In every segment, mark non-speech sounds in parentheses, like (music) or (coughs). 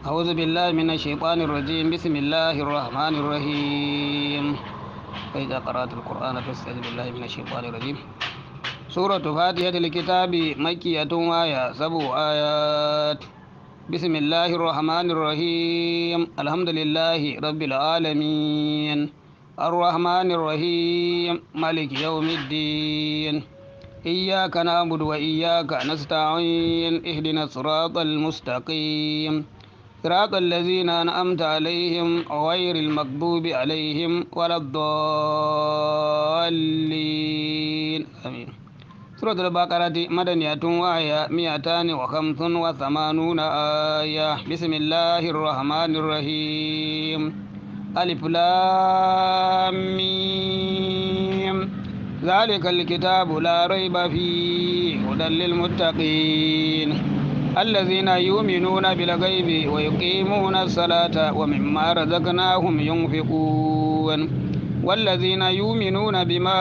أعوذ بالله من الشيطان الرجيم بسم الله الرحمن الرحيم فإذا قرأت القرآن فاستعذ بالله من الشيطان الرجيم سورة فاتحة الكتاب مكية آية سبع آيات بسم الله الرحمن الرحيم الحمد لله رب العالمين الرحمن الرحيم مالك يوم الدين إياك نعبد وإياك نستعين اهدنا الصراط المستقيم صراط الذين أنعمت عليهم غير المكذوب عليهم ولا الضالين آمين سورة البقرة مدنية وآية مئتان وخمس وثمانون آية بسم الله الرحمن الرحيم ألف لام ذلك الكتاب لا ريب فيه هدى للمتقين الذين يؤمنون بالغيب ويقيمون الصلاة ومما رزقناهم ينفقون والذين يؤمنون بما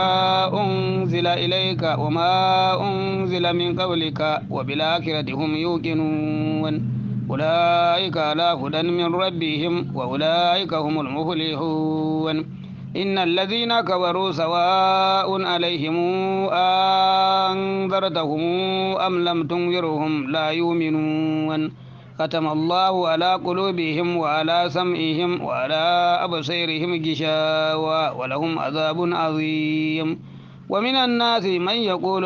أنزل إليك وما أنزل من قبلك وبالآخرة هم يوقنون أولئك على هدى من ربهم وأولئك هم المفلحون إن الذين كفروا سواء عليهم أنذرتهم أم لم تنذرهم لا يؤمنون ختم الله على قلوبهم وعلى سمعهم وعلى أبصيرهم غشاوة ولهم عذاب عظيم ومن الناس من يقول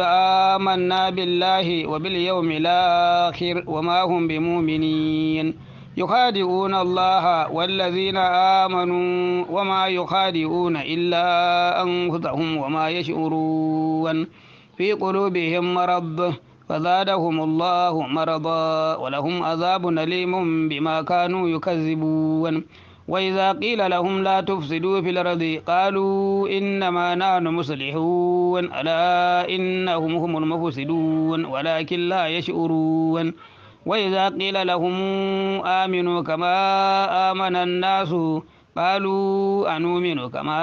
آمنا بالله وباليوم الآخر وما هم بمؤمنين يخادعون الله والذين آمنوا وما يخادعون إلا أنفسهم وما يشعرون في قلوبهم مرض فزادهم الله مرضا ولهم عذاب أليم بما كانوا يكذبون وإذا قيل لهم لا تفسدوا في الأرض قالوا إنما نحن مصلحون ألا إنهم هم المفسدون ولكن لا يشعرون وإذا قيل لهم آمنوا كما آمن الناس قالوا أنؤمن كما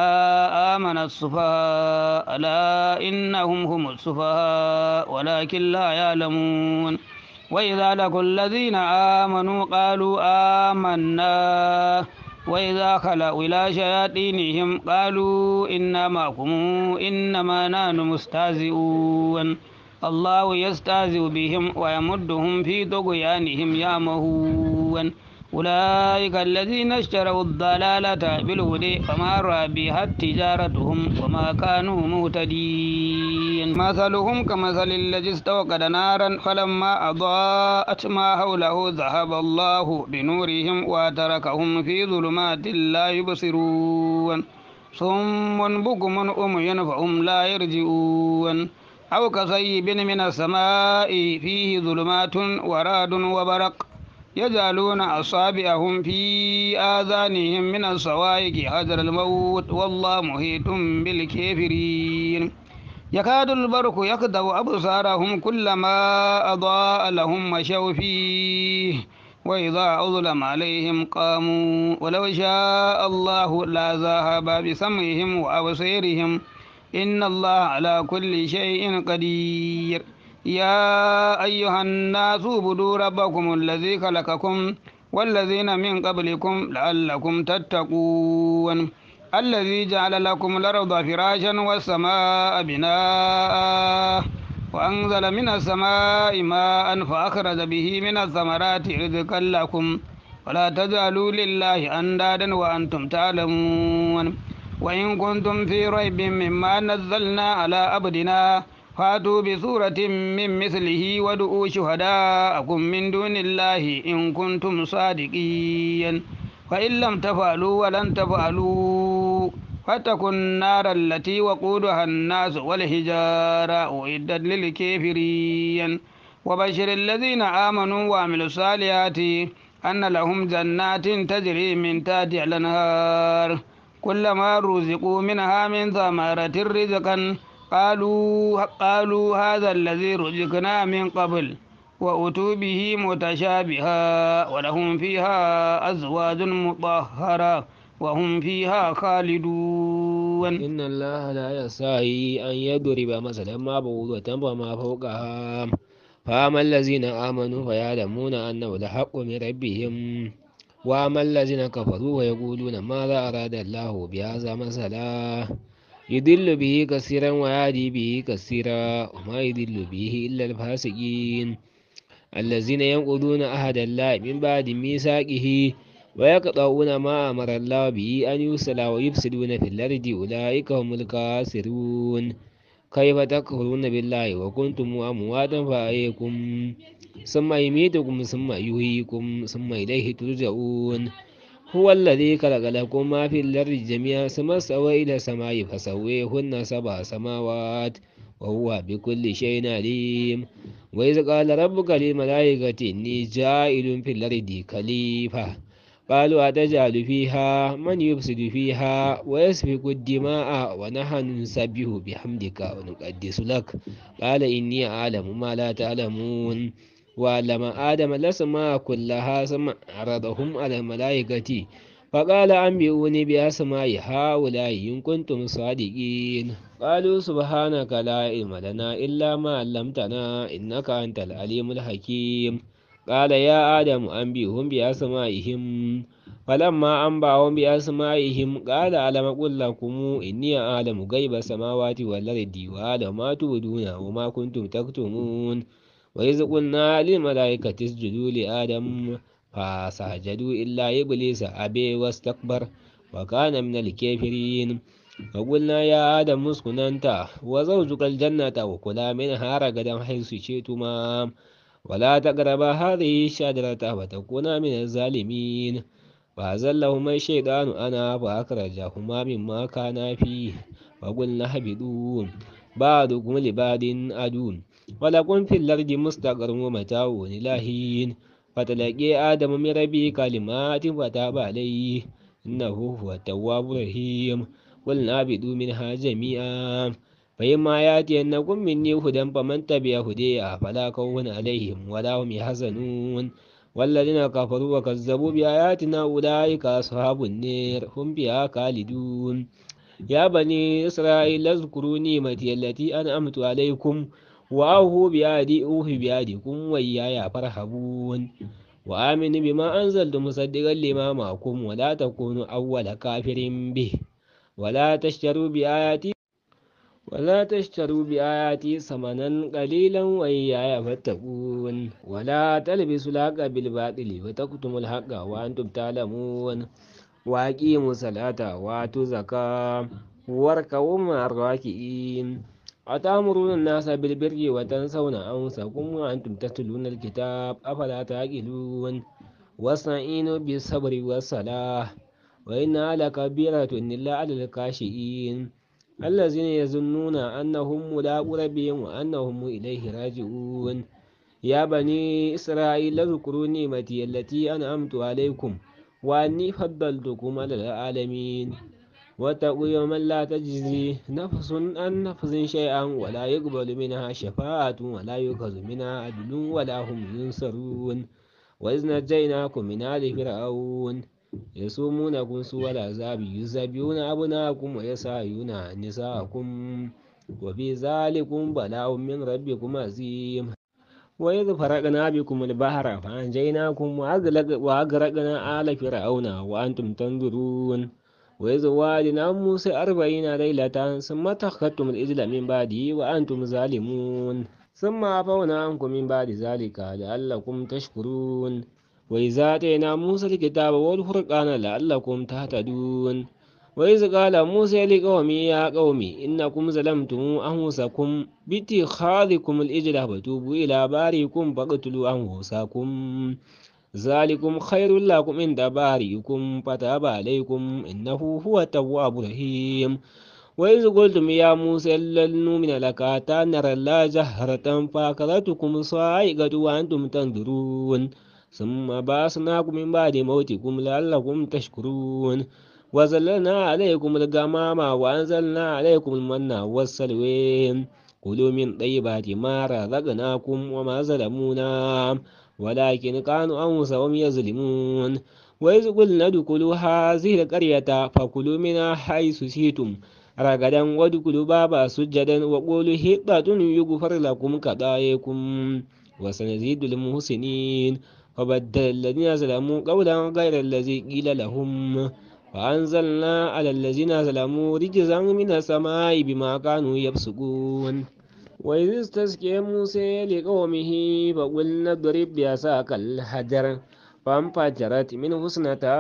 آمن السفهاء ألا إنهم هم السفهاء ولكن لا يعلمون وإذا لقوا الذين آمنوا قالوا آمنا وإذا خلوا إلى شياطينهم قالوا إنما هم إنما نحن مستهزئون الله يستهزئ بهم ويمدهم في طغيانهم مهون أولئك الذين اشتروا الضلالة بالهدى فما ربحت تجارتهم وما كانوا مهتدين مثلهم كمثل الذي استوقد نارا فلما أضاءت ما حوله ذهب الله بنورهم وتركهم في ظلمات لا يبصرون صم بكم أمي فهم لا يرجئون أو كغيب من السماء فيه ظلمات وراد وبرق يجعلون أصابعهم في آذانهم من الصوائق حذر الموت والله محيط بالكافرين يكاد البرق يقدر أبصارهم كلما أضاء لهم مشوا فيه وإذا أظلم عليهم قاموا ولو شاء الله لذهب بسمعهم وأبصيرهم إن الله على كل شيء قدير يا أيها الناس اعبدوا ربكم الذي خلقكم والذين من قبلكم لعلكم تتقون الذي جعل لكم الأرض فراشا والسماء بناء وأنزل من السماء ماء فأخرج به من الثمرات رزقا لكم ولا تجعلوا لله أندادا وأنتم تعلمون وإن كنتم في ريب مما نزلنا على عبدنا فاتوا بسورة من مثله ودؤوا شهداءكم من دون الله إن كنتم صادقين فإن لم تفعلوا ولن تفعلوا فاتقوا النار التي وقودها الناس والحجارة أعدت للكافرين وبشر الذين آمنوا وعملوا الصالحات أن لهم جنات تجري من تحتها الأنهار كلما رزقوا منها من ثمرة رزقا قالوا قالوا هذا الذي رزقنا من قبل وأتوا به متشابها ولهم فيها أزواج مطهرة وهم فيها خالدون إن الله لا يسعي أن يضرب مثلا ما بعوضة وما فوقها فأما الذين آمنوا فيعلمون أنه الحق من ربهم وأما الذين كفروا ويقولون ماذا أراد الله بهذا مثلا يدل به كثيرا ويهدي به كثيرا وما يدل به إلا الفاسقين الذين ينقضون عهد الله من بعد ميثاقه ويقطعون ما أمر الله به أن يوصل ويفسدون في الأرض أولئك هم الكافرون كيف تكفرون بالله وكنتم أمواتا فأيكم ثم يميتكم ثم يحييكم ثم إليه ترجعون هو الذي خلق لكم ما في الأرض جميعا ثم استوى إلى السماء فسويهن سبع سماوات وهو بكل شيء عليم وإذ قال ربك للملائكة إني جائل في الأرض خليفة قالوا أتجعل فيها من يفسد فيها ويسفك الدماء ونحن نسبح بحمدك ونقدس لك قال إني أعلم ما لا تعلمون وعلم آدم الأسماء كلها ثم عرضهم على الملائكة فقال أنبئوني بأسماء هؤلاء إن كنتم صادقين قالوا سبحانك لا علم لنا إلا ما علمتنا إنك أنت العليم الحكيم قال يا آدم أنبئهم بأسمائهم فلما أنبأهم بأسمائهم قال ألم أقل لكم إني أعلم غيب السماوات والأرض وأعلم ما تبدون وما كنتم تكتمون وإذ قلنا للملائكة اسجدوا لآدم فسجدوا إلا إبليس أبي واستكبر وكان من الكافرين وقلنا يا آدم اسكن أنت وزوجك الجنة وكلا منها رغدا حيث شئتما ولا تقربا هذه الشجرة وتكونا من الظالمين فأزلهما الشيطان أنا فأخرجهما مما كانا فيه وقلنا اهبطوا بعضكم لبعض أدون ولكن في الأرض مستقر ومتاع إلى حين فتلقي آدم من ربه كلمات فتاب عليه إنه هو التواب الرحيم قلنا اعبدوا منها جميعا فإما يأتينكم مني هدى فمن تبع هدي فلا كون عليهم ولا هم يحزنون والذين كفروا وكذبوا بآياتنا أولئك أصحاب النار هم بها خالدون يا بني إسرائيل اذكروا نعمتي التي أنعمت عليكم وأوفوا بعهدي أوف بعهدكم وإياي فرحبون وآمن بما أنزلت مصدقا لما معكم ولا تكونوا أول كافر به ولا تشتروا بآياتي ولا تشتروا بآياتي ثمنا قليلا وإياي فاتقون ولا تلبسوا الحق بالباطل وتكتموا الحق وأنتم تعلمون وأقيموا الصلاة وآتوا الزكاة واركعوا مع الراكعين أتأمرون الناس بالبر وتنسون أنفسكم وأنتم تتلون الكتاب أفلا تعقلون واستعينوا بالصبر والصلاة وإنها لكبيرة إلا على الكاشئين الذين يظنون أنهم ملاقو ربهم وأنهم إليه راجعون يا بني إسرائيل اذكروا نعمتي التي أنعمت عليكم وأني فضلتكم على العالمين واتقوا يوما لا تجزي نفس عن نفس شيئا ولا يقبل منها شفاعة ولا يؤخذ منها عدل ولا هم ينصرون وإذ نجيناكم من آل فرعون يصومونكم سوء العذاب يذبحون أبناءكم ويسعون نساءكم وفي ذلكم بلاء من ربكم عظيم وإذ فرقنا بكم البحر فأنجيناكم وأغرقنا آل فرعون وأنتم تنظرون وإذ وعدنا موسى أربعين ليلة ثم اتخذتم الإجل من بعدي وأنتم ظالمون ثم عفونا عنكم من بعد ذلك لعلكم تشكرون وإذا آتينا موسى الكتاب والفرقان لعلكم تهتدون وإذ قال موسى لقومي يا قومي إنكم ظلمتم أنفسكم باتخاذكم الإجل فتوبوا إلى بارئكم فاقتلوا أنفسكم ذلكم خير لكم إن تباريكم فتاب عليكم إنه هو التواب الرحيم وإذ قلتم يا موسى لن نؤمن لك حتى نرى الله جهرة فأخذتكم صاعقة وأنتم تنظرون ثم بعثناكم من بعد موتكم لعلكم تشكرون وزلنا عليكم الغمام وأنزلنا عليكم المن والسلوين كلوا من طيبات ما رزقناكم وما ظلمونا ولكن كانوا أنفسهم يظلمون وإذ قلنا ادخلوا هذه القرية فكلوا منها حيث شئتم رغدا وادخلوا بابا سجدا وقولوا حطة يغفر لكم خطاياكم وسنزيد المحسنين فبدل الذين ظلموا قولا غير الذي قيل لهم فأنزلنا على الذين ظلموا رجزا من السماء بما كانوا يفسقون وإذ استسقي موسى لقومه فقلنا اضرب بعصاك الحجر فانفجرت منه اثنتا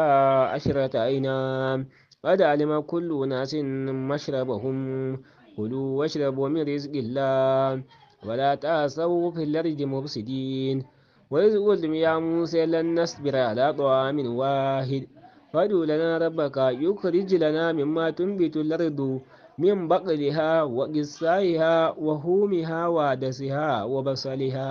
عشرة عينا قد علم كل ناس مشربهم كلوا واشربوا من رزق الله ولا تعثوا في الأرض مفسدين وإذ قلتم يا موسى لن نصبر على طعام واحد فادع لنا ربك يخرج لنا مما تنبت الأرض من بقلها وقصائها وهومها وعدسها وبصلها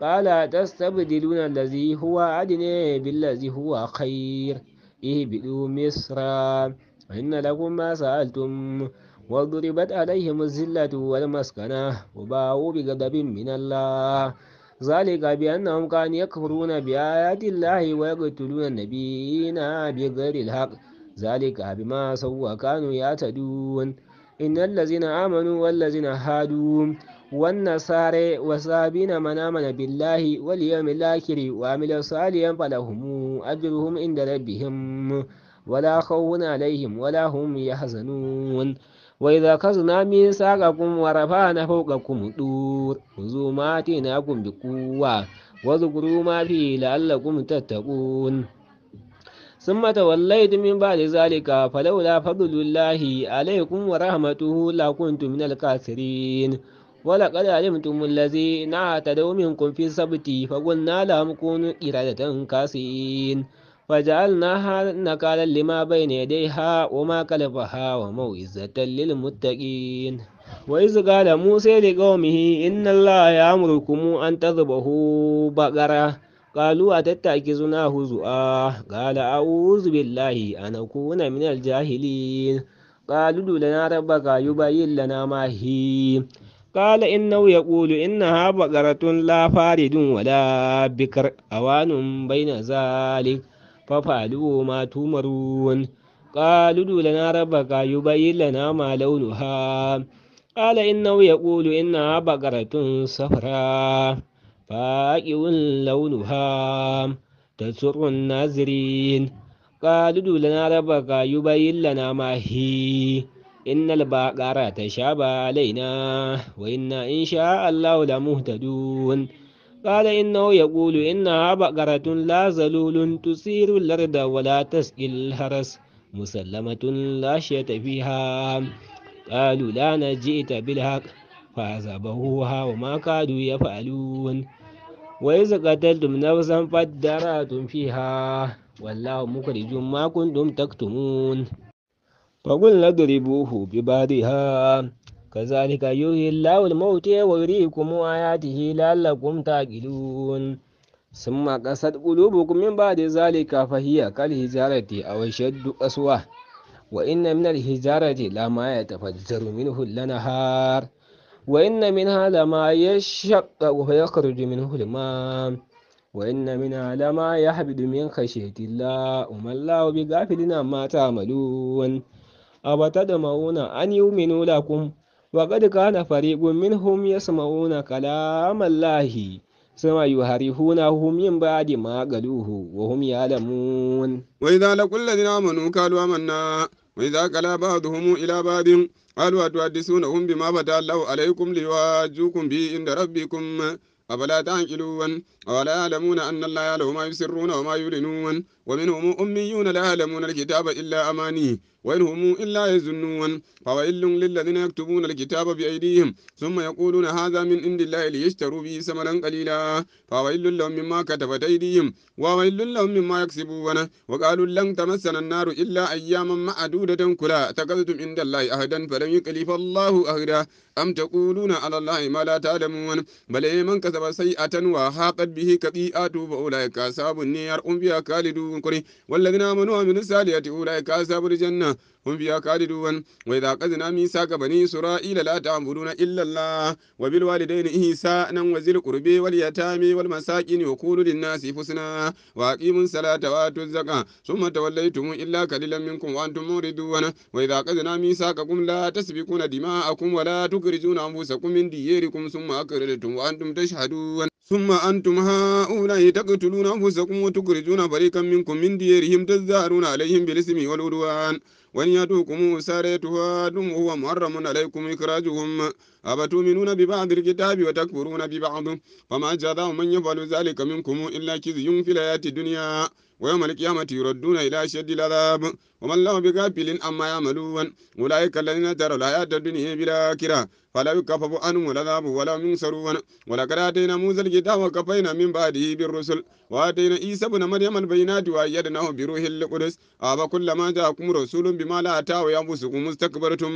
قال تستبدلون الذي هو عدن بالذي هو خير اهبطوا مصر إن لكم ما سألتم وضربت عليهم الزلة والمسكنة وباعوا بغضب من الله ذلك بأنهم كانوا يكفرون بآيات الله ويقتلون النبيين بغير الحق ذلك بما سوى وكانوا يعتدون إن الذين آمنوا والذين هادوا والنصارى وصابين من آمن بالله واليوم الآخر وعمل صالحا فلهم أجرهم عند ربهم ولا خوف عليهم ولا هم يحزنون وإذا أخذنا ميثاقكم ورفعنا فوقكم الطور خذوا ما آتيناكم بقوة واذكروا ما فيه لعلكم تتقون ثم توليت من بعد ذلك فلولا فضل الله عليكم ورحمته لكنت من الكاسرين ولقد علمتم الذين اعتدوا منكم في السبت فقلنا لهم كونوا إرادة كاسين فجعلناها نكالا لما بين يديها وما كلفها وموزة للمتقين وإذ قال موسى لقومه إن الله يأمركم أن تذبحوا بقرة قالوا أتتأكزنا هزؤا قال أعوذ بالله أن أكون من الجاهلين قالوا لنا ربك يبين لنا ما هي قال إنه يقول إنها بقرة لا فارد ولا بكر أوان بين ذلك ففعلوا ما تمرون قالوا لنا ربك يبين لنا ما لونها قال إنه يقول إنها بقرة صفراء فائو لونها تسر الناظرين قالوا لنا ربك يبين لنا ما هي إن البقرة تشاب علينا وإنا إن شاء الله لمهتدون قال إنه يقول إنها بقرة لا زلول تثير الأرض ولا تسقي الهرس مسلمة لا شية فيها قالوا لا نجئت بالحق فعذبوها وما كادوا يفعلون وإذا قتلتم نفسا فادراتم فيها والله مخرج ما كنتم تكتمون فقلنا اضربوه ببعضها كذلك يوهي الله الموت ويريكم آياته لعلكم تعقلون ثم قصد قلوبكم من بعد ذلك فهي كالهجارة أو أشد قسوة وإن من الهجارة لما يتفجر منه الأنهار وإن منها لما يشق ويخرج منه الماء وإن منها لما يحبد من خشية الله وما الله بغافل ما تعملون أفتدمون أن يؤمنوا لكم وقد كان فريق منهم يسمعون كلام الله ثم يهرفونه من بعد ما قالوه وهم يعلمون وإذا لقوا الذين آمنوا قالوا آمنا وإذا قلا بعضهم إلى بعض قالوا أتحدثونهم بما فتح الله عليكم ليواجوكم به عند ربكم أفلا تعقلون ولا يعلمون أن الله يعلم ما يسرون وما يعلنون ومنهم أميون لا يعلمون الكتاب إلا أماني وإن هم إلا يزنون فويل للذين يكتبون الكتاب بأيديهم ثم يقولون هذا من عند الله ليشتروا به ثمنا قليلا فويل لهم مما كتبت أيديهم وويل لهم مما يكسبون وقالوا لن تمسنا النار إلا أياما معدودة كلا اتخذتم عند الله أهدا فلم يكلف الله أهدا أم تقولون على الله ما لا تعلمون بل من كسب سيئة وحاقت به كقيئاته فأولئك أصحاب النار أم بها خالدون والذين آمنوا من الساليات أولئك أصحاب الجنة هم فيها خالدون وإذا أخذنا ميثاق بني إسرائيل لا تعبدون إلا الله وبالوالدين إحسانا وذي القرب واليتامى والمساكين وقولوا للناس حسنا وأقيموا الصلاة وآتوا الزكاة ثم توليتم إلا قليلا منكم وأنتم موردون وإذا أخذنا ميثاقكم لا تسبقون دماءكم ولا تكرزون أنفسكم من دياركم ثم أقررتم وأنتم تشهدون ثم أنتم هؤلاء تقتلون أنفسكم وتخرجون فريقا منكم من ديارهم تظاهرون عليهم بالاسم والعدوان وإن يأتوكم ساريتها دم هو محرم عليكم إخراجهم أفتؤمنون ببعض الكتاب وتكفرون ببعض فما جزاء من يفعل ذلك منكم إلا خزي في الحياة الدنيا ويوم القيامة يردون إلى أشد العذاب ومن له بغافل أما يعملون أولئك الذين تروا الحياة الدنيا بالآخرة فلا يكفف عنهم العذاب ولا ينصرون ولقد آتينا موسى الكتاب وكفينا من بعده بالرسل وآتينا عيسى ابن مريم البينات وأيدناه بروح القدس أبا كلما جاءكم رسول بما لا أتاه أنفسكم استكبرتم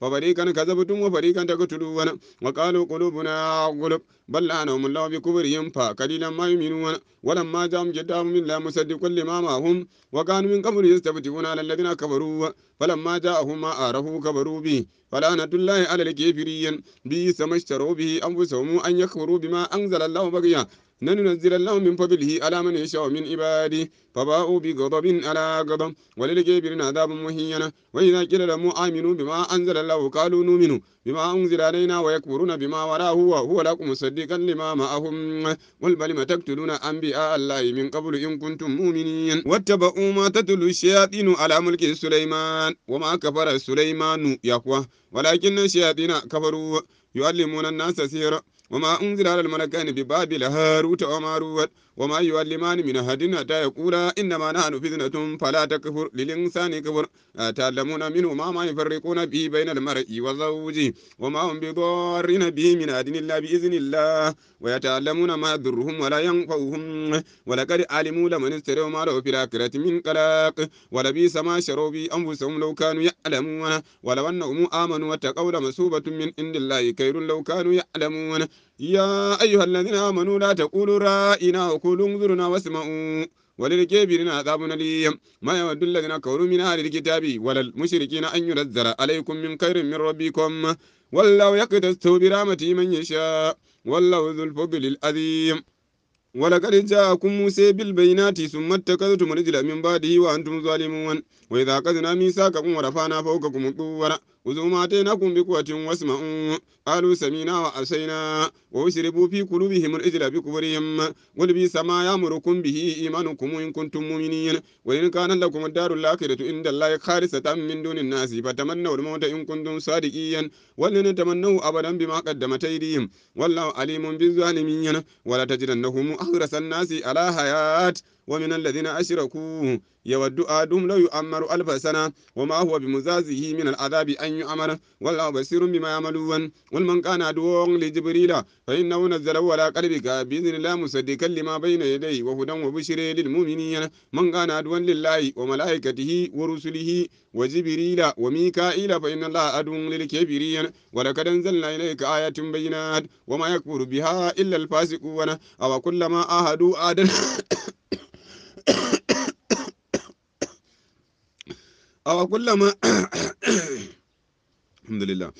ففريقا كذبتم وفريقا تقتلون وقالوا قلوبنا غلب بل لعنهم الله بكبرهم فقليلا ما يؤمنون ولما جاءهم جدهم من لا مصدق لما معهم وكانوا من قبل يستفتحون على الذين كفروا فلما جاءهم ما آره كفروا به فلعنة الله على الكافرين بئس ما اشتروا به أنفسهم أن يكفروا بما أنزل الله بغيا ننزل لهم من فضله على من يشاء من عباده فباءوا بغضب على غضب وللكافرين عذاب مهين وإذا قيل لهم آمنوا بما أنزل الله قالوا نؤمن بما أنزل علينا ويكفرون بما وراه وهو لكم مصدقا لما معهم قل بل تقتلون أنبياء الله من قبل إن كنتم مؤمنين واتبعوا ما تتل الشياطين على ملك سليمان وما كفر سليمان يقوى ولكن الشياطين كفروا يعلمون الناس سيرا وما أنزل على الملكين ببابل هاروت وماروت وما يعلمان من أحد حتى يقولا إنما نحن فتنة فلا تكفر للإنسان كفر يتعلمون منه ما ما يفرقون به بين المرء وزوجه وما هم بضارين به من أحد إلا بإذن الله ويتعلمون ما يضرهم ولا ينفعهم ولقد علموا لمن اشتروا ما له في الآخرة من قلاق ولبئس ما شروا به أنفسهم لو كانوا يعلمون ولو أنهم آمنوا واتقوا لمثوبة من عند الله خير لو كانوا يعلمون يا أيها الذين آمنوا لا تقولوا رائنا وقولوا انظرنا واسمعوا وللكافرين عذاب أليم ما يود الذين كفروا من أهل الكتاب ولا المشركين أن ينزل عليكم من خير من ربكم والله يقتص برحمته من يشاء والله ذو الفضل العظيم ولقد جاءكم موسى بالبينات ثم اتخذتم الرجل من بعده وأنتم ظالمون وإذا أخذنا ميثاقكم ورفعنا فوقكم الطور خذوا ما آتيناكم بقوة واسمعوا قالوا سمينا وعصينا وأشربوا في قلوبهم الإجل بكفرهم قل بئس ما يأمركم به إيمانكم إن كنتم مؤمنين وإن كان لكم الدار الآخرة عند الله خالصة من دون الناس فتمنوا الموت إن كنتم صادقين ولن تمنوا أبدا بما قدمت أيديهم والله عليم بالظالمين ولا تجدنهم أحرس الناس على حياة ومن الذين أشركوا يود آدم لو يؤمر ألف سنة وما هو بمزازه من العذاب أن يؤمر والله بصير بما يعملون والمن كان عدوا لجبريل فإنه نزل ولا قلبك بإذن الله مصدقا لما بين يديه وهدى وبشر للمؤمنين من كان عدوا لله وملائكته ورسله وجبريل وميكائيل فإن الله عدو للكافرين ولقد أنزلنا إليك آيات بينات وما يكفر بها إلا الفاسقون أو كلما أهدوا آدم أو كلما (coughs) الحمد لله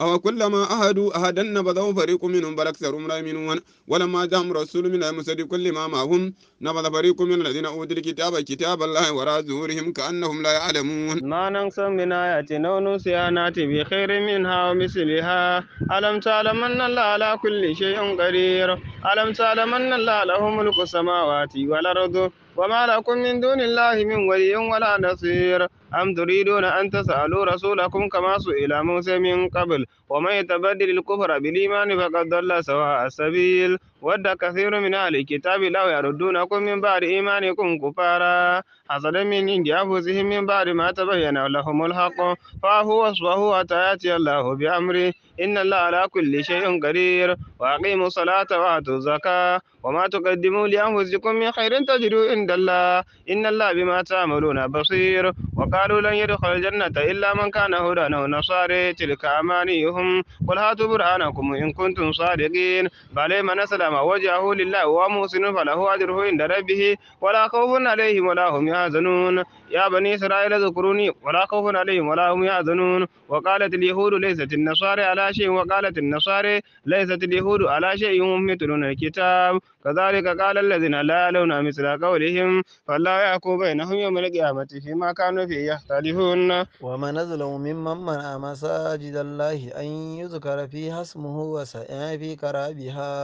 أو كلما أهدوا أهدا نبذوا فريق منهم بل أكثرهم لا يؤمنون ولما جاءهم رسول من كل ما معهم نبذ فريق من الذين أوتوا الكتاب كتاب الله وراء ظهورهم كأنهم لا يعلمون ما ننسى من آيات أو نسيها بخير منها ومثلها ألم تعلم أن الله على كل شيء قدير ألم تعلم أن الله له ملك السماوات والأرض وما لكم من دون الله من ولي ولا نصير أم تريدون أن تسألوا رسولكم كما سئل موسى من قبل ومن يتبدل الكفر بالإيمان فقد ضل سواء السبيل ود كثير من أهل الكتاب لو يردونكم من بعد إيمانكم كفارا حصل من عند أنفسهم من بعد ما تبين لهم الحق فهو واصفحوا وتأتي الله بأمره إن الله على كل شيء قدير وأقيموا الصلاة وآتوا الزكاة وما تقدموا لأنفسكم من خير تجدوا عند الله إن الله بما تعملون بصير وقالوا لن يدخل الجنة إلا من كان هدى أو نصاري تلك أمانيهم قل هاتوا برهانكم إن كنتم صادقين بل من أسلم أسلم وجهه لله وهو فله أجره عند ربه ولا خوف عليهم ولا هم يحزنون يا بني إسرائيل اذكروني ولا خوف عليهم ولا هم يحزنون وقالت اليهود ليست النصارى على شيء وقالت النصارى ليست اليهود على شيء هم يتلون الكتاب كذلك قال الذين لا يعلمون مثل قولهم فلا يحكم بينهم يوم القيامة فيما كانوا فيه يختلفون وما أظلم ممن منع مساجد الله أن يذكر فيها اسمه وسعى في كرابها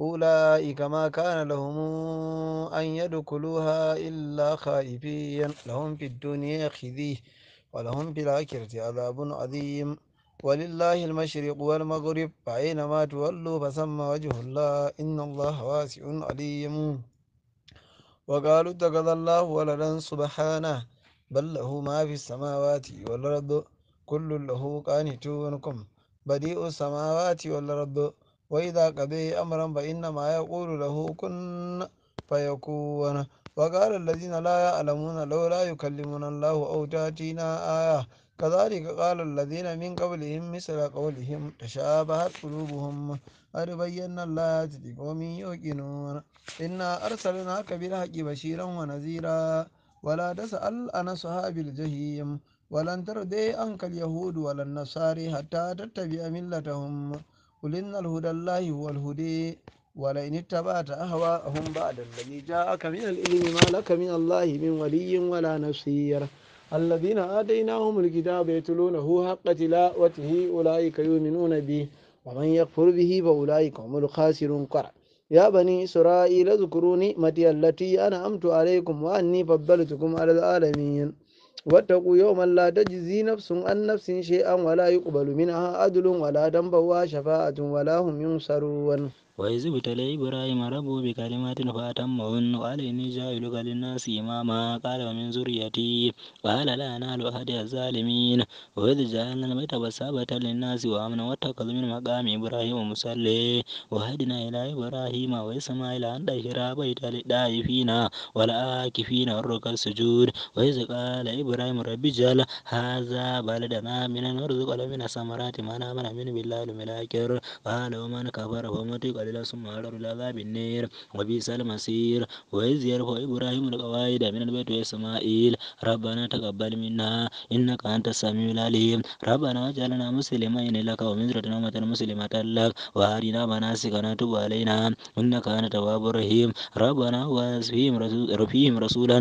أولئك ما كان لهم أن يدخلوها إلا خائفين لهم في الدنيا خزي ولهم في الآخرة عذاب عظيم ولله المشرق والمغرب فأينما تولوا فسمى وجه الله إن الله واسع عليم وقالوا اتخذ الله ولدا سبحانه بل له ما في السماوات والأرض كل له قانتونكم بديء السماوات والأرض وإذا قضي أمرا فإنما يقول له كن فيكون وقال الذين لا يعلمون لولا يكلمنا الله أو تأتينا آية كذلك قال الذين من قبلهم مثل قولهم تشابهت قلوبهم قد بينا الآيات لقوم يوقنون إنا أرسلناك بالحق بشيرا ونذيرا ولا تسأل أنا أصحاب الجحيم ولن تردي أنك اليهود ولا النصارى حتى تتبع ملتهم قل إن الهدى الله هو الهدي ولئن اتبعت أهواءهم بعد الذي جاءك من العلم ما لك من الله من ولي ولا نصير الذين آتيناهم الكتاب يتلونه حق تلاوته أولئك يؤمنون به ومن يكفر به فأولئك هم الخاسرون قرأ يا بني إسرائيل اذكروا نعمتي التي أنعمت عليكم وأني فضلتكم على العالمين واتقوا يوما لا تجزي نفس عن نفس شيئا ولا يقبل منها عدل ولا ولا شفاعة ولا هم ينصرون وإذ ابتلى إبراهيم ربه بكلمات فأتمهن قال إني جاعلك للناس إماما قال ومن ذريتي قال لا أنال أحد الظالمين وإذ جعلنا البيت بسابة للناس وأمنا واتخذوا من مقام إبراهيم مصلي وهدنا إلى إبراهيم وإسماعيل أن طهر بيت للطائفين والعاكفين والركع السجود وإذ قال إبراهيم رب اجعل هذا بلدنا من الأرض من الثمرات من آمن من بالله الملاكر قال ومن كفر فمتق الخالد ثم هرر إلى عذاب النير وبئس المصير وإذ يرفع إبراهيم القواعد من البيت إسماعيل ربنا تقبل منا إنك أنت السميع العليم ربنا جعلنا مسلمين لك ومن ذرتنا أمة مسلمة لك وأرنا مناسكنا تب علينا إنك أنت التواب الرحيم ربنا واسفهم رسولا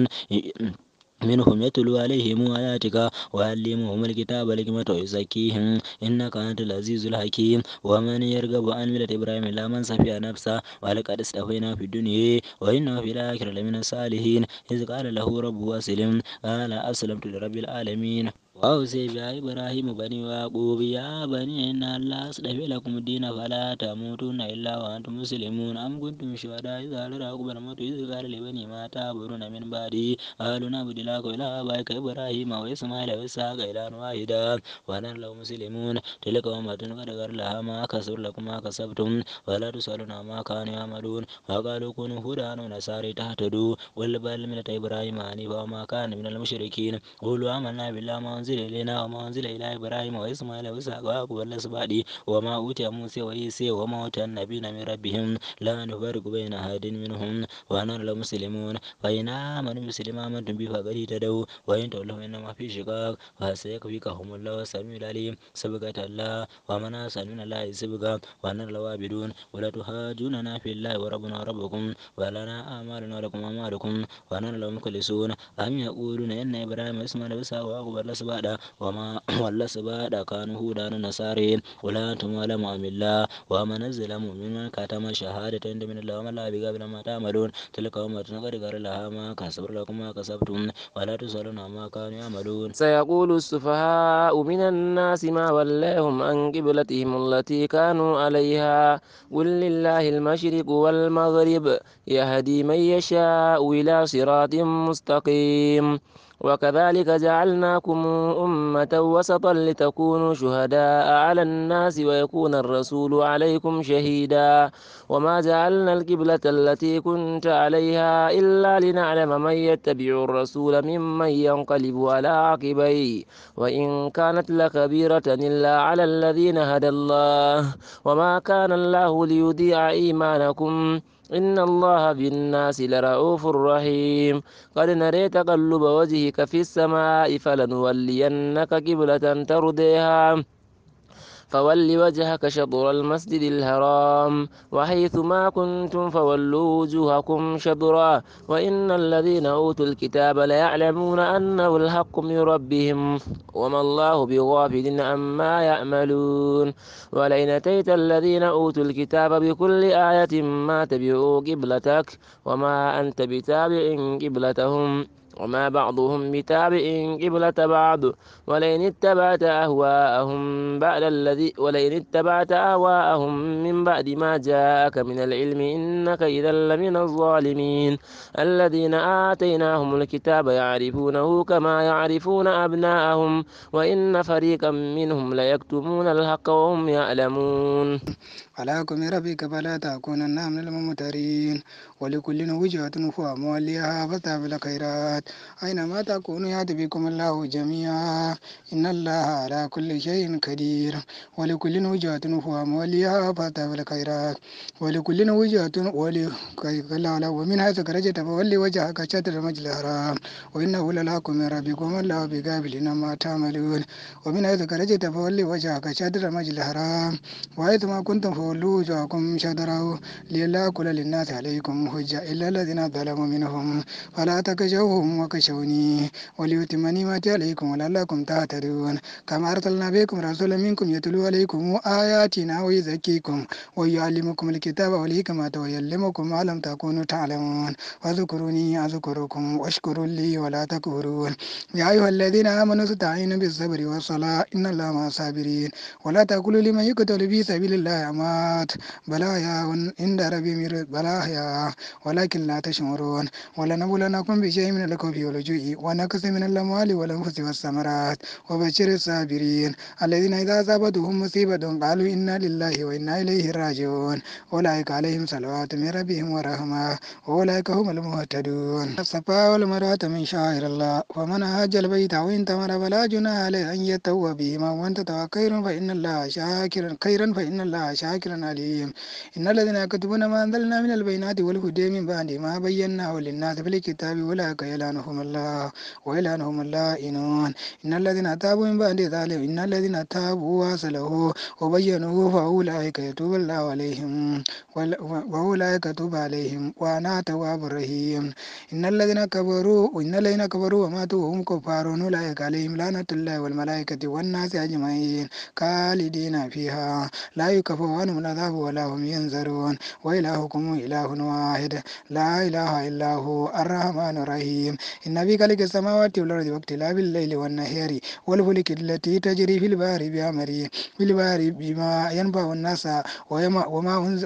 منهم يتلو عليهم آياتك ويعلمهم الكتاب والحكمة ويزكيهم إنك أنت العزيز الحكيم ومن يرغب عن ملة إبراهيم إلا من سفي نفسه ولقد استوينا في الدنيا وإنه في الآخرة لمن الصالحين إذ قال له رب وسلم قال أسلمت لرب العالمين واوصي بها إبراهيم بني ويعقوب يا بني إن الله أصلح لكم الدين فلا تموتن إلا وأنتم مسلمون أم كنتم شهداء إذ حضركم الموت إذ قال لبني ما تعبدون من بعدي قالوا نعبد إلهك وإله آبائك إبراهيم وإسماعيل وإسحاق إلها واحدا ونحن له مسلمون تلك أمة قد غفر لها ما كسب لكم ما كسبتم ولا تسألون عما كانوا يعملون وقالوا كونوا هدى ونصارى تهتدوا قل بل ملة إبراهيم حنيفا وما كان من المشركين قولوا آمنا بالله ما أنزل إلينا وما أنزل إلى إبراهيم وإسماعيل وإسحاق ويعقوب والأسباط وما أوتي موسى وعيسى وما أوتي النبيين من ربهم لا نفرق بين أحد منهم ونحن له مسلمون فإن آمنوا مسلما آمنتم به فقد اهتدوا وإن تولوا إنما في شقاق فسيكفيكهم الله السميع العليم سبقة الله ومن أسأل من الله سبقة ونحن له عابدون ولا تهاجوننا في الله وربنا ربكم ولنا أعمالنا ولكم أعمالكم ونحن له مخلصون أم يقولون إن إبراهيم وإسماعيل وإسحاق ويعقوب والأسباط بعد وما ولا سبادا كان هودا نصاري ولا أنتم ولا مؤمن الله نزل الظلم ممن كتم شهادة من الله وما لا بقبل ما تعملون تلك أمة قد قر لها ما كسبت لكم ما كسبتم ولا تسألون ما كانوا يعملون سيقول السفهاء من الناس ما ولاهم عن قبلتهم التي كانوا عليها قل لله المشرق والمغرب يهدي من يشاء إلى صراط مستقيم وكذلك جعلناكم أمة وسطا لتكونوا شهداء على الناس ويكون الرسول عليكم شهيدا وما جعلنا القبلة التي كنت عليها إلا لنعلم من يتبع الرسول ممن ينقلب على عقبيه وإن كانت لكبيرة إلا على الذين هدى الله وما كان الله ليضيع إيمانكم إن الله بالناس لرؤوف رحيم قد نري تقلب وجهك في السماء فلنولينك قبلة ترضيها فول وجهك شطر المسجد الحرام وحيث ما كنتم فولوا وجوهكم شطرا وإن الذين أوتوا الكتاب ليعلمون أنه الحق من ربهم وما الله بغافل عما يعملون ولئن أتيت الذين أوتوا الكتاب بكل آية ما تبعوا قبلتك وما أنت بتابع قبلتهم وما بعضهم بتابع قبلة بعض ولئن اتبعت أهواءهم بعد الذي ولئن اتبعت أهواءهم من بعد ما جاءك من العلم إنك إذا لمن الظالمين الذين آتيناهم الكتاب يعرفونه كما يعرفون أبناءهم وإن فريقا منهم ليكتمون الحق وهم يعلمون ولا ربك فلا تكونن من الممترين ولكل وجهة هو موليها فتاب الخيرات أينما تكونوا يأت بكم الله جميعا إن الله على كل شيء قدير ولكل وجهة هو موليها فتاب الخيرات ولكل وجهة ولي ومن هذا كرجة فولي وجهك شطر المسجد الحرام وإنه للحق من ربكم الله بقابل ما تعملون ومن هذا كرجة فولي وجهك شطر المسجد الحرام وحيث ما كنتم فولوا وجهكم شطره لله كل للناس عليكم لهم حجة إلا الذين ظلموا منهم فلا تكشوهم وكشوني وليتم نعمتي عليكم ولعلكم تهتدون كما أرسلنا بكم رسولا منكم يتلو عليكم آياتنا ويزكيكم ويعلمكم الكتاب والحكمة ويعلمكم ما لم تكونوا تعلمون واذكروني أذكركم واشكروا لي ولا تكفرون يا أيها الذين آمنوا استعينوا بالصبر والصلاة إن الله مع الصابرين ولا تقولوا لمن يقتل في سبيل الله أمات بلايا عند ربي بلايا ولكن لا تشعرون ولا نقول لكم بشيء من الكوفي والجوع ونقص من الأموال والأنفس والثمرات وبشر الصابرين الذين إذا أصابتهم مصيبة قالوا إنا لله وإنا إليه راجعون أولئك عليهم صلوات من ربهم ورحمة وأولئك هم المهتدون الصفا والمروة من شعائر الله ومن هاج البيت أو انتمر فلا جناح عليه أن يتوى بهما وأن تتوى خيرا فإن الله شاكرا خيرا فإن الله شاكرا عليم إن الذين يكتبون ما أنزلنا من البينات والهدى الهدى من بعد ما بيناه للناس في الكتاب أولئك يلعنهم الله ويلعنهم اللائنون إن الذين تابوا من بعد ذلك إن الذين تابوا وصلوا وبينوا فأولئك يتوب الله عليهم وأولئك تب عليهم وأنا تواب الرحيم إن الذين كفروا إن الذين كفروا وماتوا وهم كفار أولئك عليهم لعنة الله والملائكة والناس أجمعين خالدين فيها لا يكفوا عنهم العذاب ولا هم ينذرون وإلهكم إله واحد واحد لا إله إلا هو الرحمن الرحيم إن في خلق السماوات والأرض لا بالليل والنهار والفلك التي تجري في البحر بأمره في البحر بما ينبع الناس وما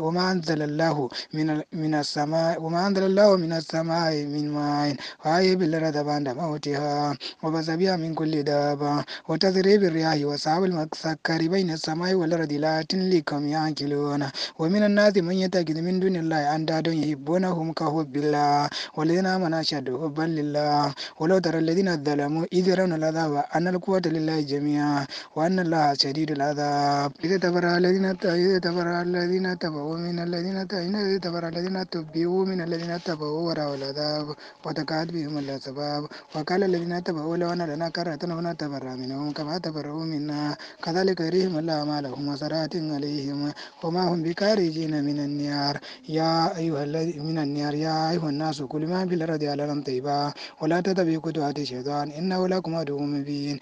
وما أنزل الله من من السماء وما أنزل الله من السماء من ماء وهي بالأرض بعد موتها وبث بها من كل دابة وتسريب الرياح وسحاب المسكر بين السماء والأرض لآت لقوم يعقلون ومن الناس من يتخذ من دون الله أندادا يحبونهم كحب الله والذين آمنوا أشد حبا لله ولو ترى الذين ظلموا إذ يرون العذاب أن القوة لله جميعا وأن الله شديد العذاب إذا تبرع الذين إذا تبرع الذين تبعوا من الذين إذا تبرع الذين تبعوا من الذين تبعوا وراء العذاب وتكاد بهم الأسباب وقال الذين تبعوا لو أن لنا كرة تبرع منهم كما تبرأوا منا كذلك يريهم الله ما لهم وسرات عليهم وما هم بكارجين من النار يا أيها الذين من النار يا أيها الناس كل ما في الأرض حلالا طيبا ولا تتبعوا خطوات الشيطان إنه لكم عدو مبين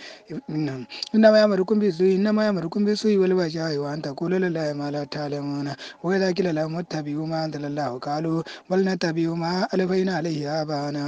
منهم إنما يأمركم بالسوء إنما يأمركم بالسوء والفحشاء وأن تقولوا لله ما لا تعلمون وإذا قيل لهم اتبعوا ما أنزل الله قالوا بل نتبعوا ما ألفينا عليه آبانا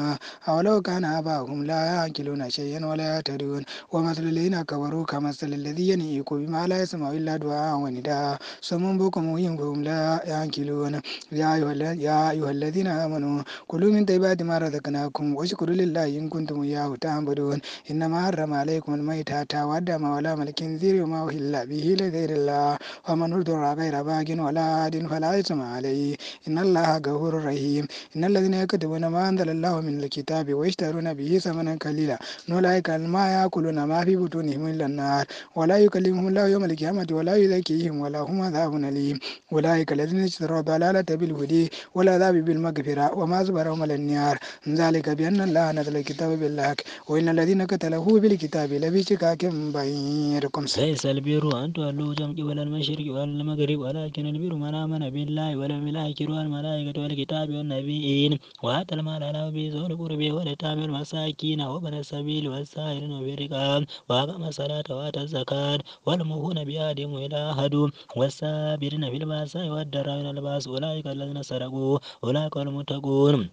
أولو كان آباؤهم لا يأكلون شيئا ولا يهتدون ومثل الذين كفروا كمثل الذي ينيق بما لا يسمع إلا دعاء ونداء صم بكم وهم لا يأكلون يا أيها يا أيها الذين آمنوا كلوا من طيبات ما رزقناكم واشكروا لله إن كنتم إياه تعبدون إنما حرم عليكم الميتة والدم ولحم الخنزير وما أهل به لغير الله ومن اضطر غير باغ ولا عاد فلا إثم عليه إن الله غفور رحيم إن الذين يكتبون ما أنزل الله من الكتاب ويشترون به ثمنا قليلا أولئك ما يأكلون ما في بطونهم إلا النار ولا يكلمهم الله يوم القيامة ولا يزكيهم ولا هم عذاب أليم أولئك الذين اشتروا الضلالة بالهدي ولا العذاب بالمغفرة وما أصبرهم على النار ذلك بأن الله نزل الكتاب بالحق وإن الذين قتلوه بالكتاب لفي شكاك بعيركم ليس البر أن تولوا جمج ولا المشرق ولا المغرب ولكن البر من آمن بالله واليوم الآخر والملائكة والكتاب والنبيين وآتى المال على به ذو القرب واليتامى والمساكين وابن السبيل والسائلين وفي الرقاب وأقام الصلاة وآتى الزكاة والمؤمنون بآدم إلى أحد والسابرين في البأساء والضراء والباس أولئك الذين صدقوا أولئك المتقون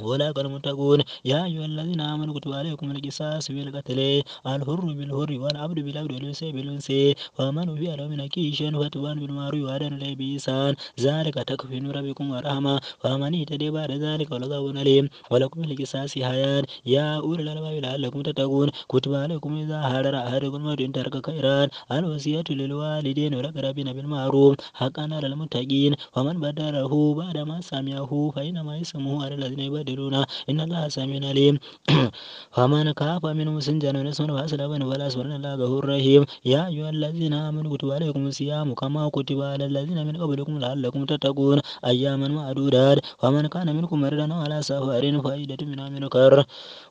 أولئك المتقون يا أيها الذين آمنوا كتب عليكم القصاص في القتل الحر بالحر والعبد بالعبد والأنس بالأنس فمن في له من كيش فتوان بالمعروف وعدن لبيسان ذلك تكفين ربكم ورحمة فمن اهتدي بعد ذلك ولغوا أليم ولكم في القصاص حياة يا أولي الألباب لعلكم تتقون كتب عليكم إذا حضر أحدكم الموت إن ترك خيرا الوصية للوالدين والأقربين بالمعروف حقا على المتقين ومن بدله بعد ما سمعه فإنما اسمه على الذين يبدلون إن الله سميع عليم (clears throat) فمن كاف منهم سنجان نسما فأسلم ولا أسبرنا الله غفور رحيم يا أيها الذين آمنوا كتب عليكم الصيام كما كتب على الذين من قبلكم لعلكم تتقون أياما معدودات فمن كان منكم مريضا على سفر فائدة من عمل كر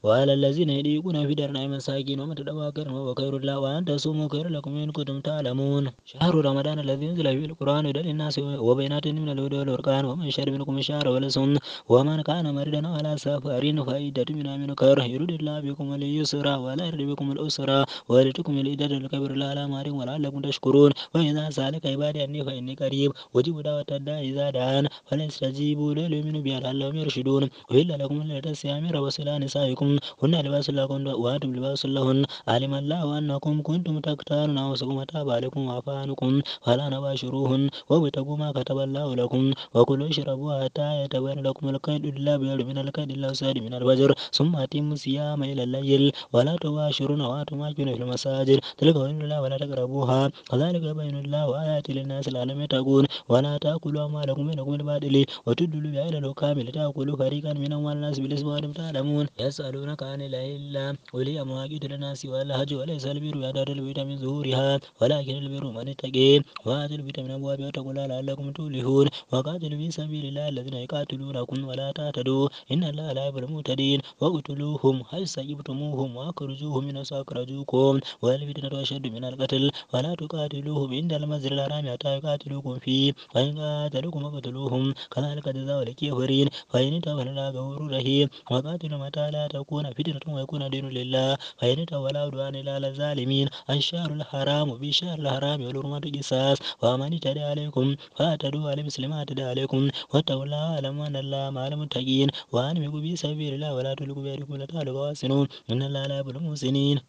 وعلى الذين يضيقون في درنا مساكين ومن تدعوا كرم وخير الله وأن تصوموا خير لكم إن كنتم تعلمون شهر رمضان الذي أنزل فيه القرآن هدى للناس وبينات من الهدى والفرقان ومن شرب منكم الشهر والسن ومن كان مريضا كان على سفر فائدة من من كره يرد الله بكم اليسر ولا يرد بكم الأسر ولتكم الإدد الكبر لا لا مار ولعلكم تشكرون وإذا سألك عبادي أني فإني قريب وجب دعوة الداء إذا دعان فليستجيبوا لي ليؤمنوا بها لعلهم يرشدون وإلا لكم ليلة السيامير وسلا نسائكم هن لباس لكم وأنتم لباس لهن علم الله أنكم كنتم تختارون أنفسكم وتاب عليكم وعفى عنكم فلا نباشروهن وابتغوا ما كتب الله لكم وكلوا اشربوا حتى يتبين لكم الكيد إلا بيد من الكيد الأسود من الوجر ثم أتم الصيام إلى الليل ولا تباشرون وأنتم في المساجد تلك عين الله ولا تقربوها كذلك يبين الله آياته للناس لعلهم يتقون ولا تأكلوا أموالكم بينكم بالباطل وتدلوا بها إلى الحكام لتأكلوا فريقا من أموال الناس بالإثم وأنتم تعلمون يسألونك عن الأهلة قل هي مواقيت للناس والحج وليس البر أن تأتوا البيت من ظهورها ولكن البر من اتقي وآتوا البيت من أبوابها واتقوا الله لعلكم تفلحون وقاتلوا في سبيل الله الذين يقاتلونكم ولا تعتدوا إن الله لا يظلم المعتدين واقتلوهم هل سيبتموهم واخرجوهم من أخرجوكم والفتنة أشد من القتل ولا تقاتلوهم عند المسجد الحرام حتى يقاتلوكم فيه وإن قاتلوكم فاقتلوهم كذلك جزاء الكافرين فإن انتهوا فلا غفور رحيم وقاتلوا متى لا تكون فتنة ويكون دين لله فإن انتهوا ولا عدوان إلا على الظالمين الشهر الحرام بالشهر الحرام والحرمة قصاص ومن اعتدى عليكم فاعتدوا على مثل ما اعتدى عليكم واتقوا الله اعلموا أن الله مع المتقين وأنفقوا في سبيل الله ولا تلقوا بأيديكم ولا التهلكة وأحسنوا إن الله لا يحب المحسنين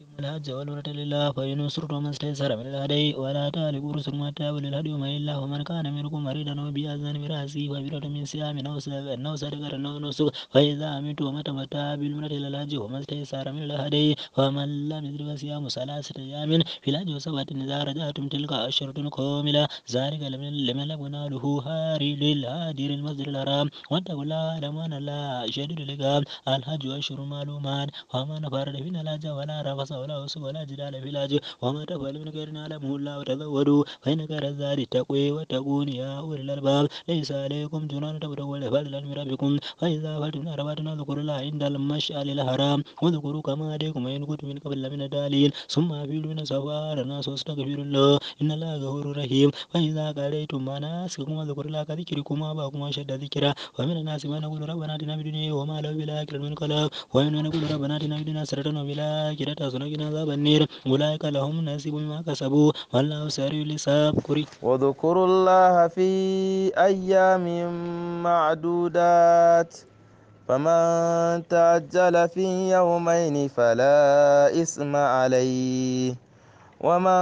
وأتم الحج والعمرة لله فإن سرتم استيسر من الهدي ولا تهلكوا رسلكم حتى يبلغ الهدي ما إلا ومن كان منكم مريضا وبأذن برأسه فبرة من صيام أو صدقة أو نسك فإذا أمنتم ومتمتع بالعمرة إلى الحج وما استيسر من الهدي فمن لم يجد فصيام ثلاثة أيام في الحج وسبعة إذا رجعتم تلك أشهر كاملة ذلك لمن لم يناله هاري للهادر المسجد الحرام واتقوا الله اعلموا الله شديد العقاب الحج أشهر معلومات فمن فرد فينا الحج ولا رفث الناس ولا أسم ولا جدال في الحج وما تفعل من خير يعلمه الله وتزودوا فإن خير الزاد التقوى واتقون يا أولي الألباب ليس عليكم جنان تبتغوا فضلا من ربكم فإذا فعلتم أربعة اذكروا الله عند المشعر الحرام واذكروا كما هديكم إن كنتم من قبل من الدالين ثم أفيدوا من سفار الناس واستغفروا الله إن الله غفور رحيم فإذا قضيتم مناسككم واذكروا الله كذكركم أباكم أشد ذكرا ومن الناس من يقول ربنا آتنا في الدنيا وما له في الآخرة من خلاق ومن يقول ربنا آتنا في الدنيا حسنة وفي الآخرة ونجنا عذاب النير أولئك لهم نصيب مما كسبوا والله سريع الحساب واذكروا الله في أيام معدودات فمن تعجل في يومين فلا إثم عليه ومن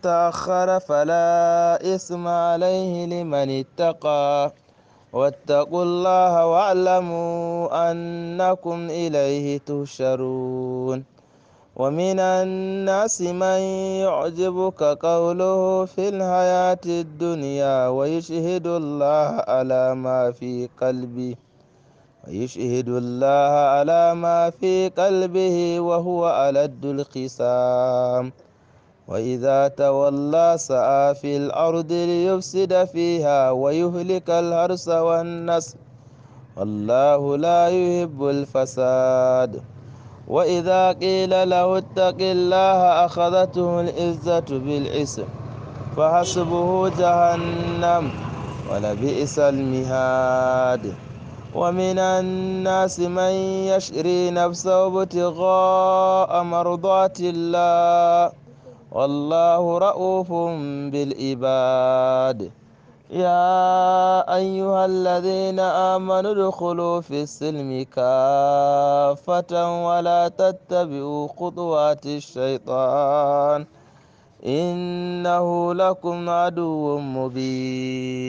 تأخر فلا إثم عليه لمن اتقى واتقوا الله واعلموا أنكم إليه تهشرون ومن الناس من يعجبك قوله في الحياة الدنيا ويشهد الله على ما في قلبه ويشهد الله على ما في قلبه وهو ألد الخصام وإذا تولى سعى في الأرض ليفسد فيها ويهلك الحرث والنسل والله لا يحب الفساد وإذا قيل له اتق الله أخذته العزة بالإسم فحسبه جهنم ولبئس المهاد ومن الناس من يشري نفسه ابتغاء مرضات الله والله رؤوف بالعباد يا أيها الذين آمنوا ادخلوا في السلم كافة ولا تتبعوا خطوات الشيطان إنه لكم عدو مبين